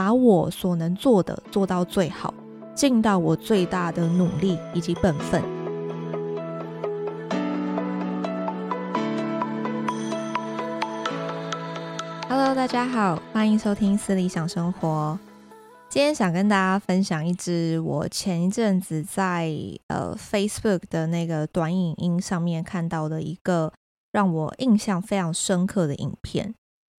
把我所能做的做到最好，盡到我最大的努力以及本分。Hello，大家好，歡迎收聽私理想生活。今天想跟大家分享一支我前一陣子在呃 Facebook 的那個短影音上面看到的一個讓我印象非常深刻的影片。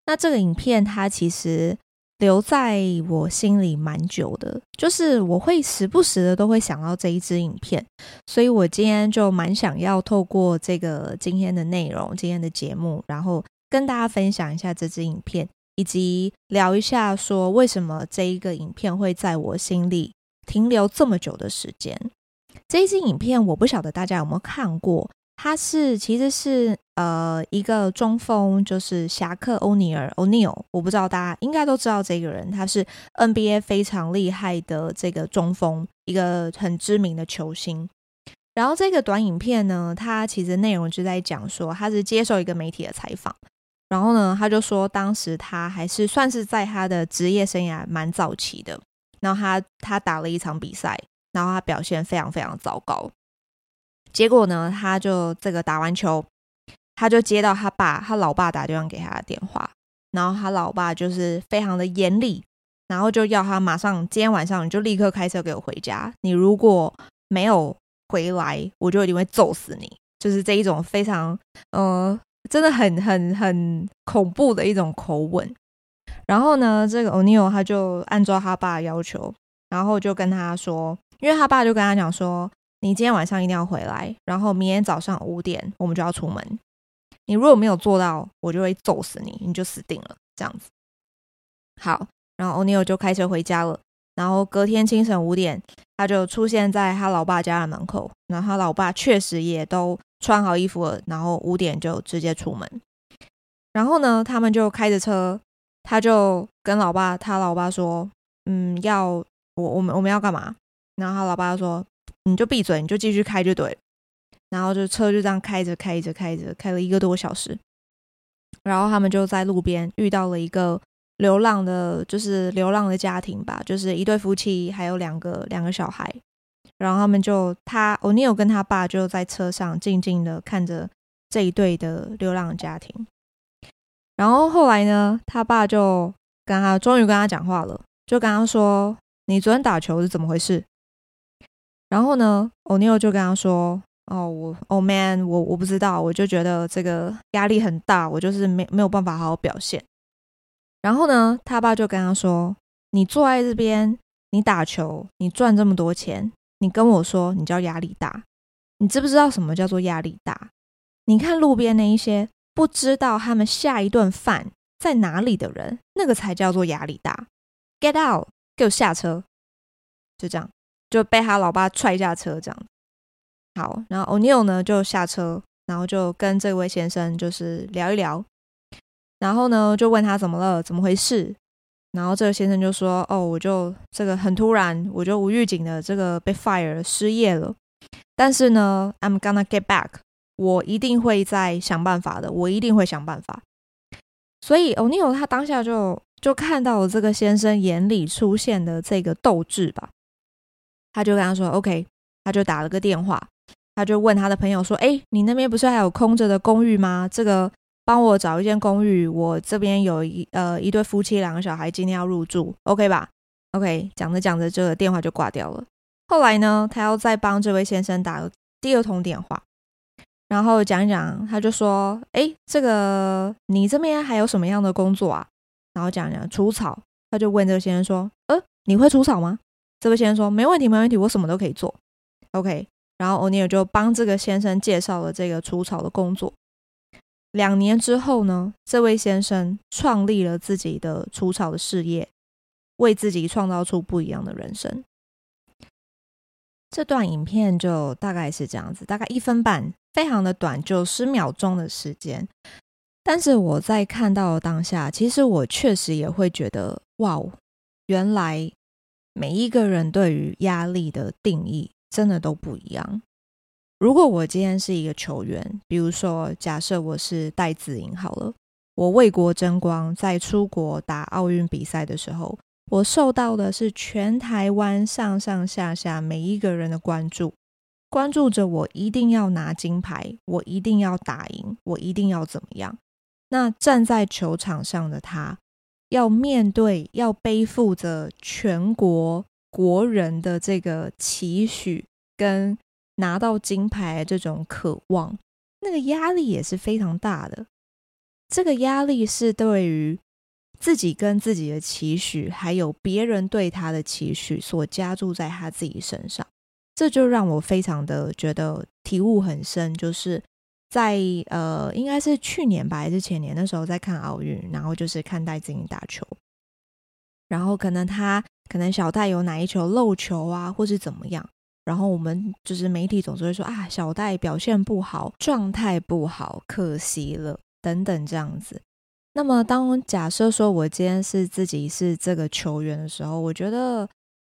那這個影片它其實，留在我心裡蠻久的，就是我會時不時的都會想到這一支影片，所以我今天就蠻想要透過這個今天的內容、今天的節目，然後跟大家分享一下這支影片，以及聊一下說為什麼這一個影片會在我心裡停留這麼久的時間。這一支影片我不曉得大家有沒有看過，它是，其實是。呃，一個中鋒就是俠客歐尼爾 O'Neal，我不知道大家應該都知道這個人，他是 NBA 非常厲害的這個中鋒，一個很知名的球星。然後這個短影片呢，他其實內容就在講說，他是接受一個媒體的採訪，然後呢，他就說當時他還是算是在他的職業生涯蠻早期的，然後他他打了一場比賽，然後他表現非常非常糟糕，結果呢，他就這個打完球。他就接到他爸，他老爸打電話給他的電話，然後他老爸就是非常的嚴厲，然後就要他馬上今天晚上你就立刻開車給我回家，你如果沒有回來，我就一定會揍死你，就是這一種非常，呃，真的很很很恐怖的一種口吻。然後呢，這個歐尼 l 他就按照他爸的要求，然後就跟他說，因為他爸就跟他講說，你今天晚上一定要回來，然後明天早上五點我們就要出門。你如果沒有做到，我就會揍死你，你就死定了。這樣子，好，然後歐尼 l 就開車回家了。然後隔天清晨五點，他就出現在他老爸家的門口。然後他老爸確實也都穿好衣服了，然後五點就直接出門。然後呢，他們就開着車，他就跟老爸，他老爸說：“嗯，要我我們我們要幹嘛？”然後他老爸說：“你就閉嘴，你就繼續開就對了。”然後就車就這樣開着開着開着開了一個多小時，然後他們就在路邊遇到了一個流浪的，就是流浪的家庭吧，就是一對夫妻還有兩個兩個小孩。然後他們就他歐尼爾跟他爸就在車上靜靜的看着這一對的流浪的家庭。然後後來呢，他爸就跟他終於跟他講話了，就跟他說：“你昨天打球是怎麼回事？”然後呢，歐尼爾就跟他說。哦，oh, 我，Oh man，我我不知道，我就覺得這個壓力很大，我就是沒沒有辦法好好表現。然後呢，他爸就跟他說：“你坐在這邊，你打球，你賺這麼多錢，你跟我說你叫壓力大，你知不知道什麼叫做壓力大？你看路邊那一些不知道他們下一頓飯在哪裡的人，那個才叫做壓力大。Get out，給我下車。就這樣，就被他老爸踹下車，這樣。”好，然後 O'Neal 呢就下車，然後就跟這位先生就是聊一聊，然後呢就問他怎麼了，怎麼回事？然後這個先生就說：“哦，我就這個很突然，我就無預警的這個被 fire 失業了，但是呢，I'm gonna get back，我一定會再想辦法的，我一定會想辦法。”所以 O'Neal 他當下就就看到了這個先生眼裡出現的這個鬥志吧，他就跟他說：“OK，他就打了個電話。”他就問他的朋友說：“哎，你那邊不是還有空着的公寓嗎？這個幫我找一間公寓，我這邊有一呃一對夫妻，兩個小孩，今天要入住，OK 吧？OK。”講着講着，這個電話就掛掉了。後來呢，他要再幫這位先生打第二通電話，然後講一講，他就說：“哎，這個你這邊還有什麼樣的工作啊？”然後講一講除草，他就問這位先生說：“呃，你會除草嗎？”這位先生說：“沒問題，沒問題，我什麼都可以做。”OK。然後歐尼爾就幫這個先生介紹了這個除草的工作。兩年之後呢，這位先生創立了自己的除草的事業，為自己創造出不一樣的人生。這段影片就大概是這樣子，大概一分半，非常的短，就十秒鐘的時間。但是我在看到的當下，其實我確實也會覺得，哇哦，原來每一個人對於壓力的定義，真的都不一樣。如果我今天是一個球員，比如說，假設我是戴資穎好了，我為國爭光，在出國打奧運比賽的時候，我受到的是全台灣上上下下每一個人的關注，關注着我一定要拿金牌，我一定要打贏，我一定要怎麼樣。那站在球場上的他，要面對，要背負着全國。國人的這個期許跟拿到金牌這種渴望，那個壓力也是非常大的。這個壓力是對於自己跟自己的期許，還有別人對他的期許所加注在他自己身上，這就讓我非常的覺得體悟很深。就是在呃，應該是去年吧，還是前年的時候在看奧運，然後就是看戴資穎打球。然後可能他可能小戴有哪一球漏球啊，或是怎麼樣？然後我們就是媒體總是會說啊，小戴表現不好，狀態不好，可惜了等等這樣子。那麼當我假設說我今天是自己是這個球員的時候，我覺得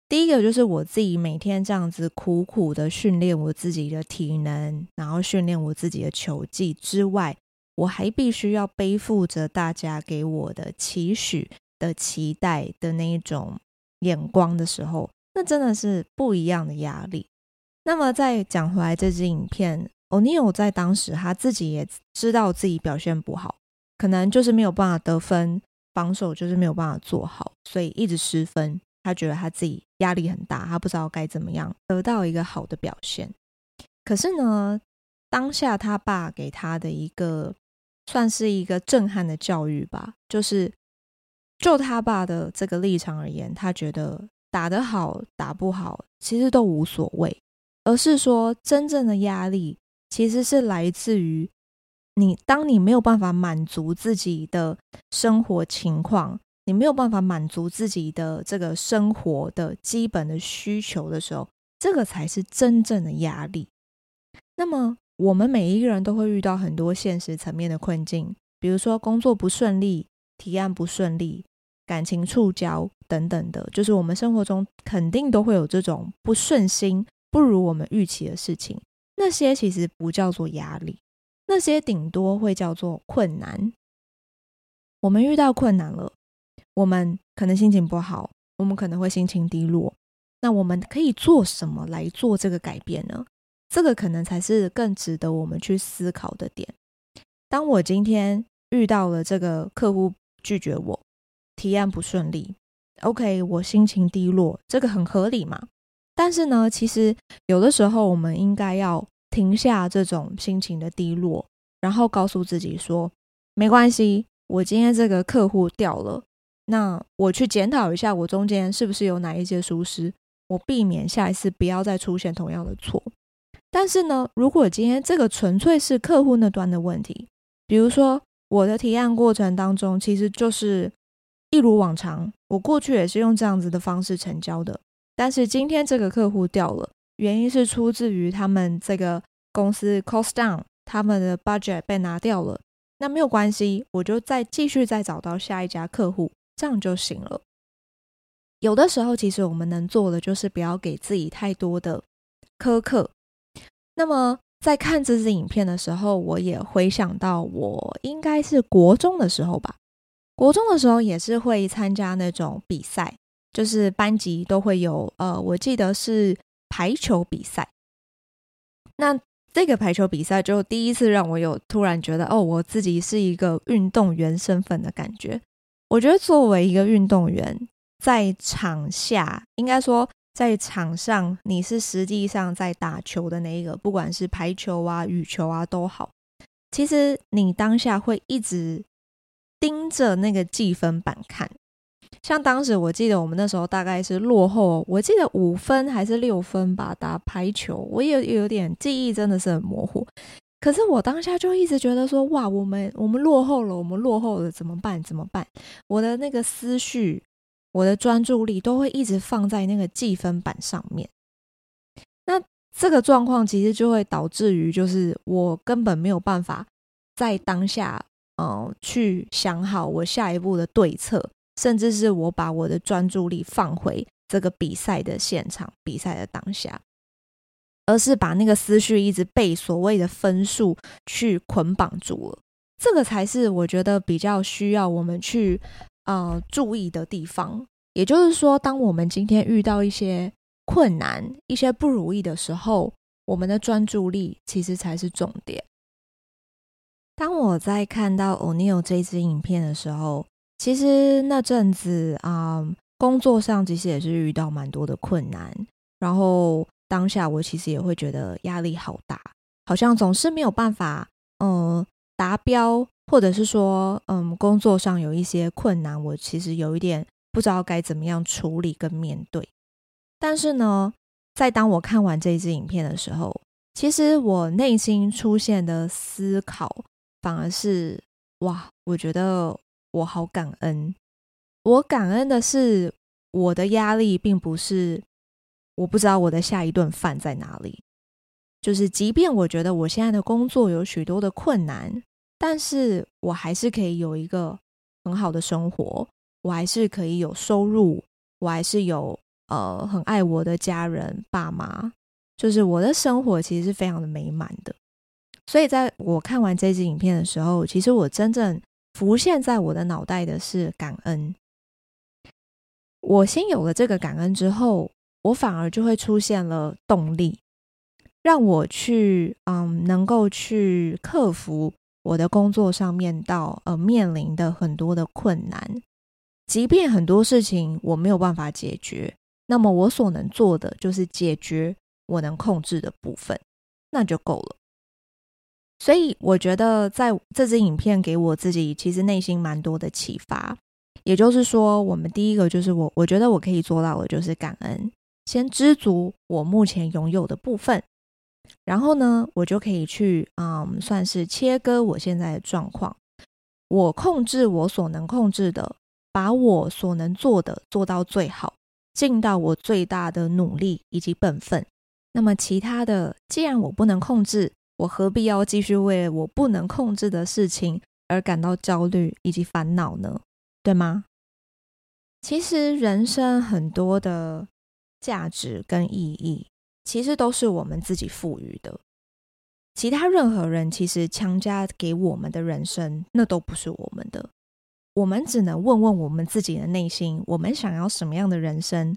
第一個就是我自己每天這樣子苦苦的訓練我自己的體能，然後訓練我自己的球技之外，我還必須要背負着大家給我的期許，的期待的那一種眼光的時候，那真的是不一樣的壓力。那麼再講回來這支影片，歐尼爾在當時他自己也知道自己表現不好，可能就是沒有辦法得分，防守就是沒有辦法做好，所以一直失分。他覺得他自己壓力很大，他不知道該怎麼樣得到一個好的表現。可是呢，當下他爸給他的一個算是一個震撼的教育吧，就是。就他爸的這個立場而言，他覺得打得好打不好其實都無所謂，而是說真正的壓力其實是來自於你，當你沒有辦法滿足自己的生活情況，你沒有辦法滿足自己的這個生活的基本的需求的時候，這個才是真正的壓力。那麼我們每一個人都會遇到很多現實層面的困境，比如說工作不順利。提案不順利，感情觸礁等等的，就是我們生活中肯定都會有這種不順心、不如我們預期的事情。那些其實不叫做壓力，那些頂多會叫做困難。我們遇到困難了，我們可能心情不好，我們可能會心情低落。那我們可以做什麼來做這個改變呢？這個可能才是更值得我們去思考的點。當我今天遇到了這個客戶。拒絕我，提案不順利，OK，我心情低落，這個很合理嘛。但是呢，其實有的時候我們應該要停下這種心情的低落，然後告訴自己說，沒關係，我今天這個客戶掉了，那我去檢討一下，我中間是不是有哪一些疏失，我避免下一次不要再出現同樣的錯。但是呢，如果今天這個純粹是客戶那端的問題，比如說。我的提案過程當中，其實就是一如往常，我過去也是用這樣子的方式成交的。但是今天這個客戶掉了，原因是出自於他們這個公司 cost down，他們的 budget 被拿掉了。那沒有關係，我就再繼續再找到下一家客戶，這樣就行了。有的時候，其實我們能做的就是不要給自己太多的苛刻。那麼。在看這支影片的時候，我也回想到我應該是國中的時候吧。國中的時候也是會參加那種比賽，就是班級都會有，呃，我記得是排球比賽。那這個排球比賽就第一次讓我有突然覺得，哦，我自己是一個運動員身份的感覺。我覺得作為一個運動員，在場下應該說。在場上，你是實際上在打球的那一個，不管是排球啊、羽球啊都好。其實你當下會一直盯着那個記分板看。像當時我記得我們那時候大概是落後，我記得五分還是六分吧，打排球，我也有，有點記憶真的是很模糊。可是我當下就一直覺得說，哇，我們我們落後了，我們落後了，怎麼辦？怎麼辦？我的那個思緒。我的專注力都會一直放在那個記分板上面，那這個狀況其實就會導致於，就是我根本沒有辦法在當下，嗯、呃，去想好我下一步的對策，甚至是我把我的專注力放回這個比賽的現場，比賽的當下，而是把那個思緒一直被所謂的分數去捆綁住了。這個才是我覺得比較需要我們去。呃，注意的地方，也就是說，當我們今天遇到一些困難、一些不如意的時候，我們的專注力其實才是重點。當我在看到 O'Neal 這支影片的時候，其實那陣子啊、嗯，工作上其實也是遇到蠻多的困難，然後當下我其實也會覺得壓力好大，好像總是沒有辦法，嗯，達標。或者是說，嗯，工作上有一些困難，我其實有一點不知道該怎麼樣處理跟面對。但是呢，在當我看完這一支影片的時候，其實我內心出現的思考，反而是哇，我覺得我好感恩。我感恩的是，我的壓力並不是我不知道我的下一頓飯在哪裡。就是即便我覺得我現在的工作有許多的困難。但是我還是可以有一個很好的生活，我還是可以有收入，我還是有呃很愛我的家人爸媽，就是我的生活其實是非常的美滿的。所以在我看完這支影片的時候，其實我真正浮現在我的腦袋的是感恩。我先有了這個感恩之後，我反而就會出現了動力，讓我去嗯能夠去克服。我的工作上面到，呃，面臨的很多的困難，即便很多事情我沒有辦法解決，那麼我所能做的就是解決我能控制的部分，那就夠了。所以我覺得在這支影片給我自己，其實內心蠻多的啟發。也就是說，我們第一個就是我，我覺得我可以做到的就是感恩，先知足我目前擁有的部分。然後呢，我就可以去，嗯，算是切割我現在的狀況。我控制我所能控制的，把我所能做的做到最好，盡到我最大的努力以及本分。那麼其他的，既然我不能控制，我何必要繼續為我不能控制的事情而感到焦慮以及煩惱呢？對嗎？其實人生很多的價值跟意義。其實都是我們自己賦予的，其他任何人其實強加給我們的人生，那都不是我們的。我們只能問問我們自己的內心，我們想要什麼樣的人生？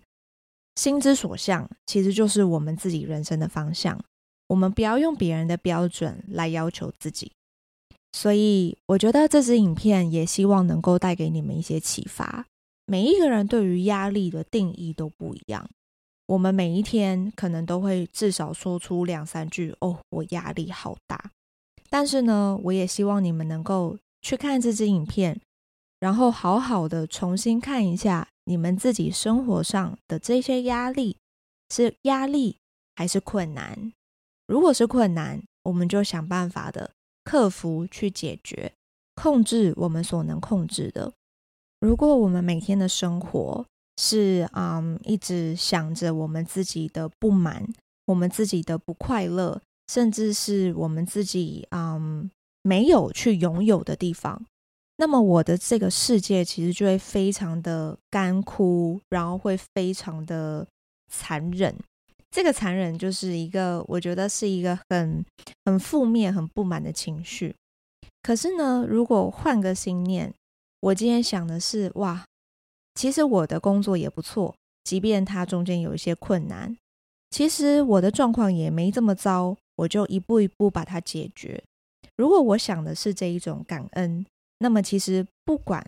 心之所向，其實就是我們自己人生的方向。我們不要用別人的標準來要求自己。所以，我覺得這支影片也希望能夠帶給你們一些啟發。每一個人對於壓力的定義都不一樣。我們每一天可能都會至少說出兩三句“哦，我壓力好大。”但是呢，我也希望你們能夠去看這支影片，然後好好的重新看一下你們自己生活上的這些壓力，是壓力還是困難？如果是困難，我們就想辦法的克服去解決，控制我們所能控制的。如果我們每天的生活，是啊，um, 一直想着我們自己的不滿，我們自己的不快樂，甚至是我們自己啊、um, 沒有去擁有的地方。那麼我的這個世界其實就會非常的乾枯，然後會非常的殘忍。這個殘忍就是一個，我覺得是一個很很負面、很不滿的情緒。可是呢，如果換個心念，我今天想的是哇。其實我的工作也不錯，即便它中間有一些困難，其實我的狀況也沒這麼糟，我就一步一步把它解決。如果我想的是這一種感恩，那麼其實不管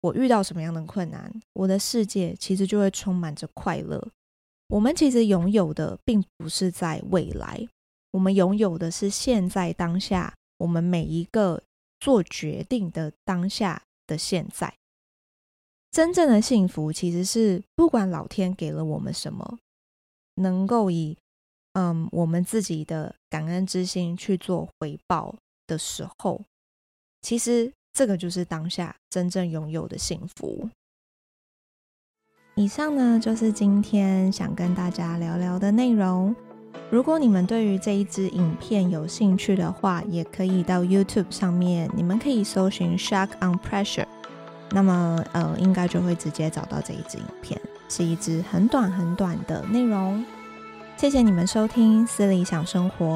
我遇到什麼樣的困難，我的世界其實就會充滿着快樂。我們其實擁有的並不是在未來，我們擁有的是現在當下，我們每一個做決定的當下的現在。真正的幸福其實是不管老天給了我們什麼，能夠以嗯我們自己的感恩之心去做回報的時候，其實這個就是當下真正擁有的幸福。以上呢就是今天想跟大家聊聊的內容。如果你們對於這一支影片有興趣的話，也可以到 YouTube 上面，你們可以搜尋 Shaq on Pressure。那麼，呃，應該就會直接找到這一支影片，是一支很短很短的內容。謝謝你們收聽《思理想生活》，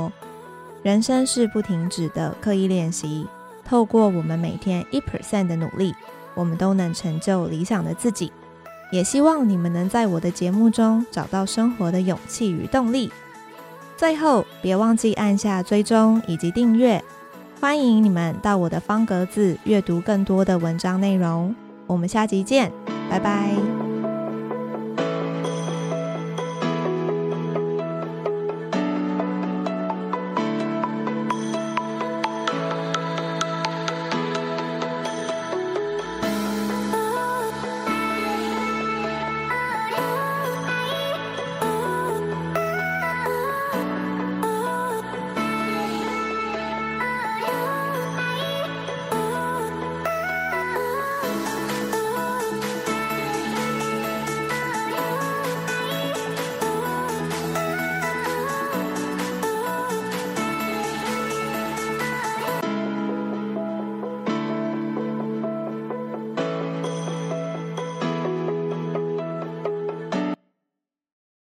人生是不停止的刻意練習，透過我們每天一 percent 的努力，我們都能成就理想的自己。也希望你們能在我的節目中找到生活的勇氣與動力。最後，別忘記按下追蹤以及訂閱。歡迎你們到我的方格子閱讀更多的文章內容，我們下集見，拜拜。